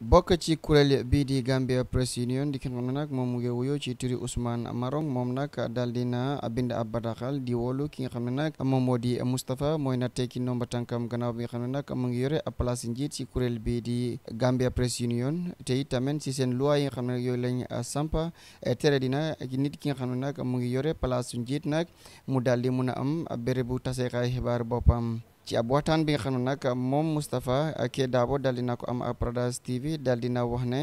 bokk ci kuréel bii di Gambia Press Union di ki nga xam ne nag moom mu ngi wuyoo ci turi Ousmane Marong moom nag daal dina bind ab bataaxal di woolu ki nga xam ne nag moom moo di Moustapha mooy na tekki nomba tànkam gannaaw bi nga xam ne nag mu ngi yore ab njiit ci kuréel bii di Gambia Press Union te itamit si seen loi yi nga xam ne yooyu lañ sampa eh, tere dina nit ki nga xam ne nag mu ngi yore place njiit nag mu daal di mun a am bérébu taseekaay xibaar boppam. ci ab waxtaan bi xam ne nag moom Moustapha Keddabo dal dina ko am Paradise TV dal dina wax ne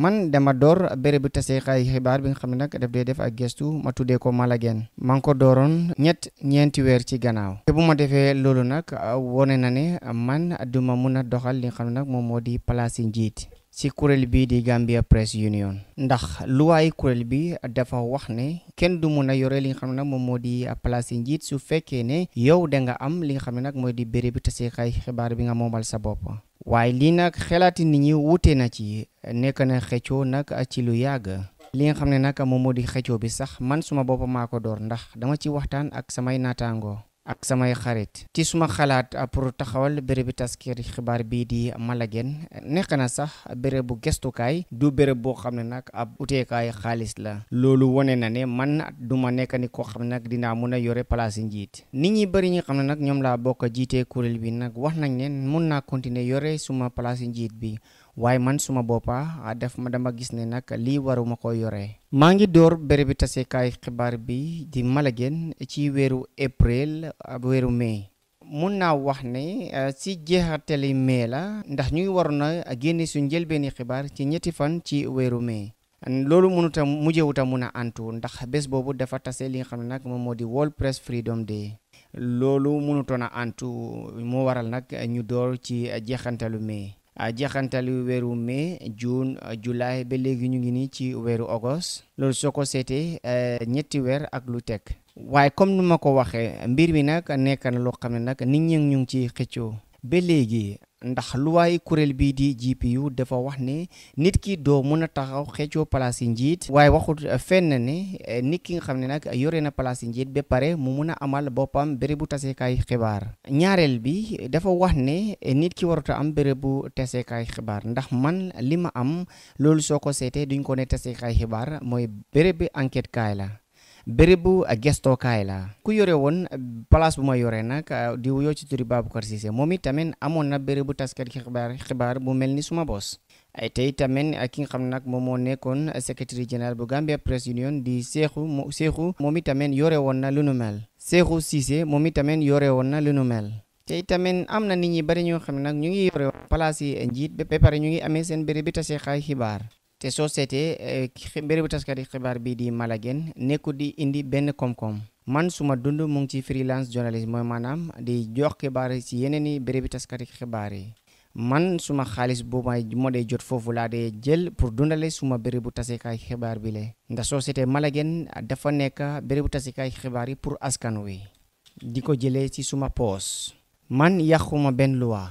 man dama door bérébu taseekaay xibaar bi nga xam ne nag daf dee def ak gestu ma tuddee ko Malagen maa ngi ko dooroon ñett ñeenti weer ci gannaaw te bu ma defee loolu nag wone na ne man duma mun a doxal li nga xam ne nag moom moo di palaasi njiit ci kuréel bi di Gambia Press Union ndax lu waaye kuréel bi dafa wax ne kenn du mun a yore li nga xam ne nag moom moo di place yi njiit su fekkee ne yow da am li nga xam ne nag mooy di béréb bi tasekaay xibaar bi nga moomal sa bopp waaye lii nag xelaati nit ñi wute na ci nekk na xëccoo nag ci lu yàgg li nga xam ne nag moom moo di xëccoo bi sax man suma bopp maa ko door ndax dama ci waxtaan ak samay naataangoo ak samay xarit ci suma xalaat ah, pour taxawal béréb bi taskir xibaar bii di Malagen nekk na sax béréb bu gestukaay du béréb boo xam ne nag ab uteekaay xaalis la loolu wane na ne man du ma nekk ni koo xam ne nag dinaa mun a yore place njiit nit ñi bëri ñi xam ne nag ñoom laa bokk jiitee kuréel bi nag wax nañ ne mun naa continuer yore suma place njiit bi waaye man suma boppa ah, def ma dama gis ne nag lii waruma ko yore maa ngi door béré bi tasekaay xibaar bi di Malageen ci weeru avril ak weeru mai mun naa wax ne eh, si jeexatali mai la ndax ñuy ngi waroon a génne su njëlbeeni xibaar ci ñetti fan ci weeru mai loolu mënut a mujjewut a mun a antu ndax bés boobu dafa tase li nga xam nag moom moo di World Press Freedom Day loolu mënutoon a antu moo waral nag ñu door ci jeexantalu mai jeexantalu weeru mai juin juillet ba léegi ñu ngi nii ci weeru ogos loolu soo ko seetee eh, ñetti weer ak lu teg waaye comme ni ma ko waxee mbir mi nag nekk na loo xam ne nag nit ñi ñu ngi ci xëccoo ba léegi ndax lu waaye kuréel bii di GPU dafa wax ne nit ki doo mën a taxaw xeecoo place yi njiit waaye waxut fenn ne eh, nit ki nga xam ne nag yore na place yi njiit ba pare mu mun a amal boppam bérébu tasekaay xibaar ñaareel bi dafa wax ne eh, nit ki warut am am bérébu tasekaay xibaar ndax man li ma am loolu soo ko seetee duñ ko ne tasekaay xibaar mooy béréb bi enquête kaay la bérébu gestookaay la ku yore woon eh, place bu ma yore nag eh, di wuyoo ci turi Babacar Cissé moom it tamit amoon na bérébu taskat xibaar xibaar bu mel ni suma bos ay eh, tey tamit ki nga xam nag moom moo nekkoon secrétaire général bu Gambia Press Union di Seexu Seexu moom it tamit yore woon na lu nu mel moom it tamit yore woon na lu te tamit am na nit ñi bari ñoo xam ne nag ñu ngi yore place yi njiit ba pare ñu ngi amee seen béréb bi tasee xaay xibaar te soo seetee eh, bérébu taskati xibaar bii di Malagen nekkul di indi benn koom-koom man suma dund mu ngi ci freelance journaliste mooy maanaam di jox xibaar ci yeneen i bérébu taskati xibaar yi man suma xaalis bu may moo dee jot foofu laa dee jël pour dundale suma bérébu tasekaay xibaar bi le ndax société Malagen dafa nekk bérébu tasekaay xibaar yi pour askan wi di ko jëlee ci suma poos man yàquma benn loi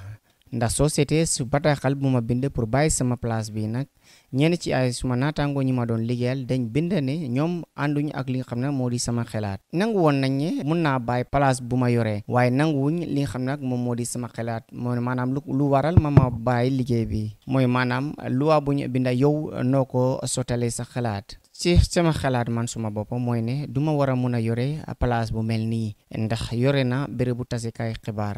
ndax soo seetee su bataaxal bu ma bind pour bàyyi sama place bi nag ñenn ci ay suma naataangoo ñi ma doon liggéeyal dañ bind ne ñoom ànduñu ak li nga xam ne moo di sama xalaat nangu woon nañ ne mun naa bàyyi place bu ma yoree waaye nanguwuñ li nga xam ne nag moom moo di sama xalaat mooy maanaam lu lu waral ma ma bàyyi liggéey bi mooy maanaam luwaa bu ñu binda yow noo ko sottalee sa xalaat ci sama xalaat man suma bopp mooy ne duma war a mun a yore place bu mel nii ndax yore na bu bérébu tasikaay xibaar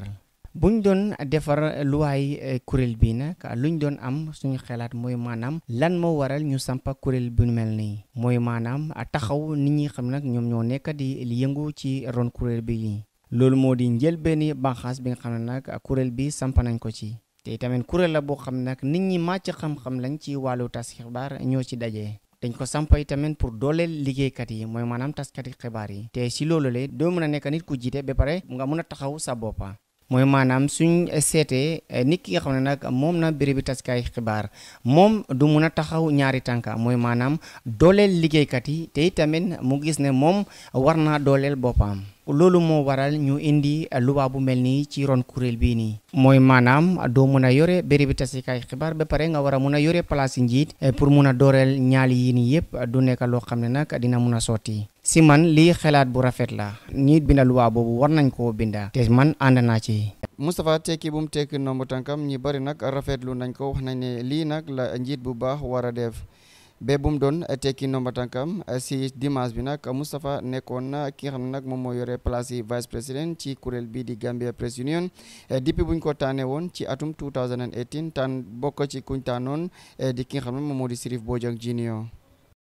buñ doon defar luwaay eh, kuréel bii nag luñ doon am suñu xalaat mooy maanaam lan moo waral ñu sampa kuréel bu mel ni mooy maanaam taxaw nit ñi xam nag ñoom ñoo nekk di yëngu ci ron kuréel bi loolu moo di njël njëlbeeni banqaas bi nga xam ne nag kuréel bi samp nañ ko ci te tamit kuréel la boo xam nag nit ñi màcc xam-xam lañ ci wàllu tas xibaar ñoo ci daje. dañ ko sampa tamit pour dooleel liggéeykat yi mooy maanaam taskati xibaar yi te si loolu la doo mën a nekk nit ku jiite ba pare nga mën a taxaw sa boppa mooy maanaam suñ seetee eh, nit ki nga xam ne nag moom na bérébi taskaay xibaar moom du mun a taxaw ñaari tànka mooy maanaam dooleel liggéeykat yi te itamit mu gis ne moom war naa dooleel boppam. loolu moo waral ñu indi luwaa bu mel nii ci ron kuréel bii nii mooy maanaam doo mun a yore bérébi tasikaay xibaar ba pare nga war a mun a yore place njiit eh, pour mun a dooreel ñaal yi nii yëpp du nekk loo xam ne nag dina mun a sotti si man lii xalaat bu rafet la ñi binda luwaa boobu war nañ koo binda te man ànd naa ci Moustapha tekki bu mu tekki nombu tànkam ñi bari nag rafetlu nañ ko nañ ne lii nag la njiit bu baax war a def be bu mu doon tekki nomba tànkam eh, si dimanche bi nag Moustapha nekkoon eh, ki nga xam nag moom moo yore place yi vice président ci kuréel bii di Gambia Press Union eh, depuis bu buñ ko tànnee woon ci atum 2018 tànn bokk ci kuñ tànnoon di ki nga xam ne moom moo di Sirif Bojang Junior